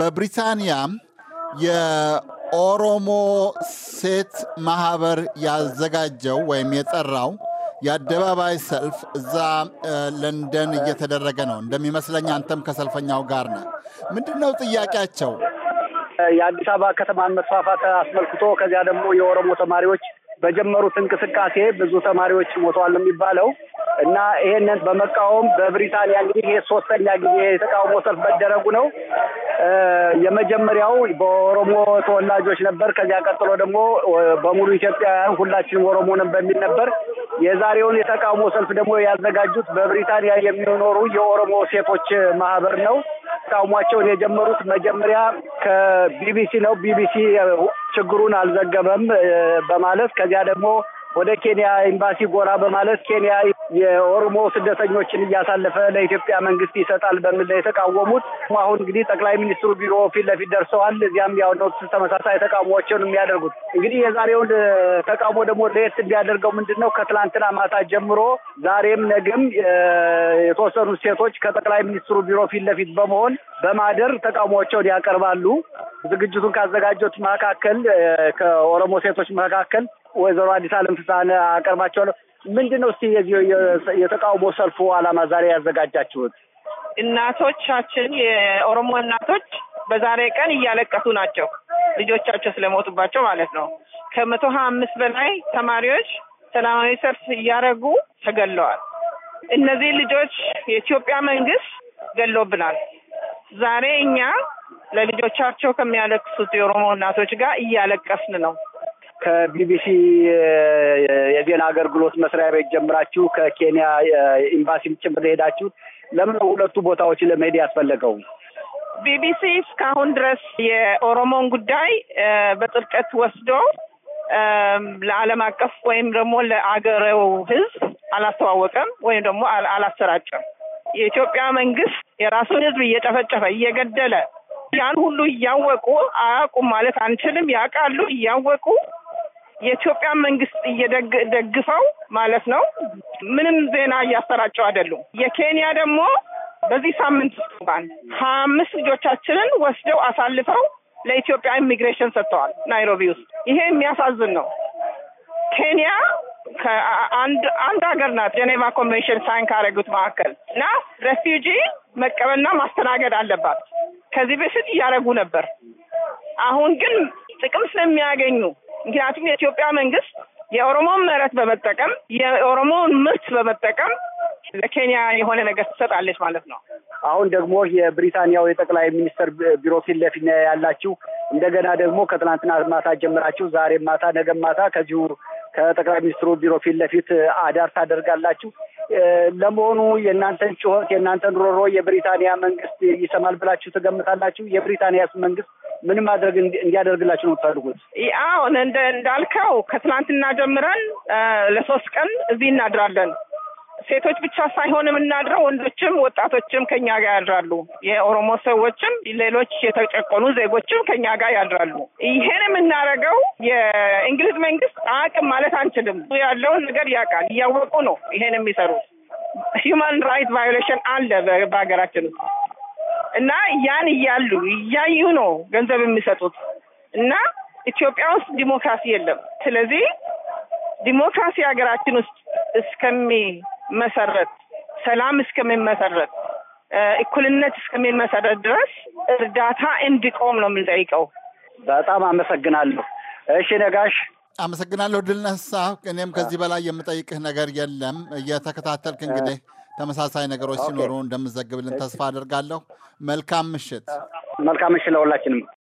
በብሪታንያ የኦሮሞ ሴት ማህበር ያዘጋጀው ወይም የጠራው የአደባባይ ሰልፍ እዛ ለንደን እየተደረገ ነው እንደሚመስለኝ። አንተም ከሰልፈኛው ጋር ነህ። ምንድን ነው ጥያቄያቸው? የአዲስ አበባ ከተማን መስፋፋት አስመልክቶ ከዚያ ደግሞ የኦሮሞ ተማሪዎች በጀመሩት እንቅስቃሴ ብዙ ተማሪዎች ሞተዋል የሚባለው እና ይሄንን በመቃወም በብሪታንያ እንግዲህ ይሄ ሶስተኛ ጊዜ የተቃውሞ ሰልፍ መደረጉ ነው። የመጀመሪያው በኦሮሞ ተወላጆች ነበር። ከዚያ ቀጥሎ ደግሞ በሙሉ ኢትዮጵያውያን ሁላችንም ኦሮሞ ነን በሚል ነበር። የዛሬውን የተቃውሞ ሰልፍ ደግሞ ያዘጋጁት በብሪታንያ የሚኖሩ የኦሮሞ ሴቶች ማህበር ነው። ተቃውሟቸውን የጀመሩት መጀመሪያ ከቢቢሲ ነው። ቢቢሲ ችግሩን አልዘገበም በማለት ከዚያ ደግሞ ወደ ኬንያ ኤምባሲ ጎራ በማለት ኬንያ የኦሮሞ ስደተኞችን እያሳለፈ ለኢትዮጵያ መንግስት ይሰጣል በሚል የተቃወሙት አሁን እንግዲህ ጠቅላይ ሚኒስትሩ ቢሮ ፊት ለፊት ደርሰዋል። እዚያም ያው ተመሳሳይ ተቃውሞቸውን የሚያደርጉት እንግዲህ የዛሬውን ተቃውሞ ደግሞ ለየት እንዲያደርገው ምንድን ነው? ከትላንትና ማታ ጀምሮ ዛሬም ነገም የተወሰኑ ሴቶች ከጠቅላይ ሚኒስትሩ ቢሮ ፊት ለፊት በመሆን በማደር ተቃውሞቸውን ያቀርባሉ። ዝግጅቱን ካዘጋጀት መካከል ከኦሮሞ ሴቶች መካከል ወይዘሮ አዲስ አለም ፍሳሐን አቀርባቸዋለሁ። ምንድን ነው እስቲ የዚህ የተቃውሞ ሰልፉ አላማ ዛሬ ያዘጋጃችሁት? እናቶቻችን የኦሮሞ እናቶች በዛሬ ቀን እያለቀሱ ናቸው፣ ልጆቻቸው ስለሞቱባቸው ማለት ነው። ከመቶ ሀያ አምስት በላይ ተማሪዎች ሰላማዊ ሰልፍ እያደረጉ ተገለዋል። እነዚህ ልጆች የኢትዮጵያ መንግስት ገሎብናል። ዛሬ እኛ ለልጆቻቸው ከሚያለቅሱት የኦሮሞ እናቶች ጋር እያለቀስን ነው። ከቢቢሲ የዜና አገልግሎት መስሪያ ቤት ጀምራችሁ ከኬንያ ኤምባሲም ጭምር ሄዳችሁ ለምን ሁለቱ ቦታዎች ለመሄድ ያስፈለገው? ቢቢሲ እስካሁን ድረስ የኦሮሞን ጉዳይ በጥልቀት ወስዶ ለዓለም አቀፍ ወይም ደግሞ ለአገሬው ሕዝብ አላስተዋወቀም ወይም ደግሞ አላሰራጨም። የኢትዮጵያ መንግስት የራሱን ሕዝብ እየጨፈጨፈ እየገደለ ያን ሁሉ እያወቁ አያውቁም ማለት አንችልም። ያውቃሉ፣ እያወቁ የኢትዮጵያ መንግስት እየደግፈው ማለት ነው ምንም ዜና እያሰራጨው አይደሉም። የኬንያ ደግሞ በዚህ ሳምንት ውስጥ እንኳን ሀያ አምስት ልጆቻችንን ወስደው አሳልፈው ለኢትዮጵያ ኢሚግሬሽን ሰጥተዋል ናይሮቢ ውስጥ። ይሄ የሚያሳዝን ነው። ኬንያ ከአንድ አንድ ሀገር ናት ጀኔቫ ኮንቬንሽን ሳይን ካረጉት መካከል እና ሬፊውጂ መቀበልና ማስተናገድ አለባት። ከዚህ በፊት እያደረጉ ነበር። አሁን ግን ጥቅም ስለሚያገኙ ምክንያቱም የኢትዮጵያ መንግስት የኦሮሞን መሬት በመጠቀም የኦሮሞን ምርት በመጠቀም ለኬንያ የሆነ ነገር ትሰጣለች ማለት ነው። አሁን ደግሞ የብሪታንያው የጠቅላይ ሚኒስትር ቢሮ ፊት ለፊት ያላችሁ እንደገና ደግሞ ከትናንትና ማታ ጀምራችሁ ዛሬ ማታ ነገ ማታ ከዚሁ ከጠቅላይ ሚኒስትሩ ቢሮ ፊት ለፊት አዳር ታደርጋላችሁ። ለመሆኑ የእናንተን ጩኸት የእናንተን ሮሮ የብሪታንያ መንግስት ይሰማል ብላችሁ ትገምታላችሁ? የብሪታንያስ መንግስት ምን ማድረግ እንዲያደርግላቸው ነው የምትፈልጉት? አዎ እንዳልከው ከትናንትና ጀምረን ለሶስት ቀን እዚህ እናድራለን። ሴቶች ብቻ ሳይሆን የምናድረው ወንዶችም ወጣቶችም ከኛ ጋር ያድራሉ። የኦሮሞ ሰዎችም ሌሎች የተጨቆኑ ዜጎችም ከኛ ጋር ያድራሉ። ይህን የምናደርገው የእንግሊዝ መንግስት አቅም ማለት አንችልም፣ ያለውን ነገር ያውቃል። እያወቁ ነው ይሄን የሚሰሩት። ሂውማን ራይት ቫዮሌሽን አለ በሀገራችን ውስጥ እና ያን እያሉ እያዩ ነው ገንዘብ የሚሰጡት እና ኢትዮጵያ ውስጥ ዲሞክራሲ የለም። ስለዚህ ዲሞክራሲ ሀገራችን ውስጥ እስከሚመሰረት፣ ሰላም እስከሚመሰረት፣ እኩልነት እስከሚመሰረት ድረስ እርዳታ እንዲቆም ነው የምንጠይቀው። በጣም አመሰግናለሁ። እሺ ነጋሽ አመሰግናለሁ። ድልነሳ እኔም ከዚህ በላይ የምጠይቅህ ነገር የለም። እየተከታተልክ እንግዲህ ተመሳሳይ ነገሮች ሲኖሩ እንደምዘግብልን ተስፋ አድርጋለሁ። መልካም ምሽት። መልካም ምሽት ለሁላችንም።